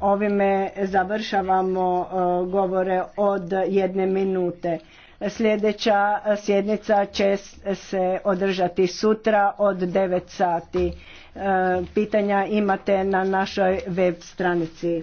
ovime završavamo e, govore od jedne minute. Sljedeća e, sjednica će se održati sutra od 9 sati. E, pitanja imate na našoj web stranici.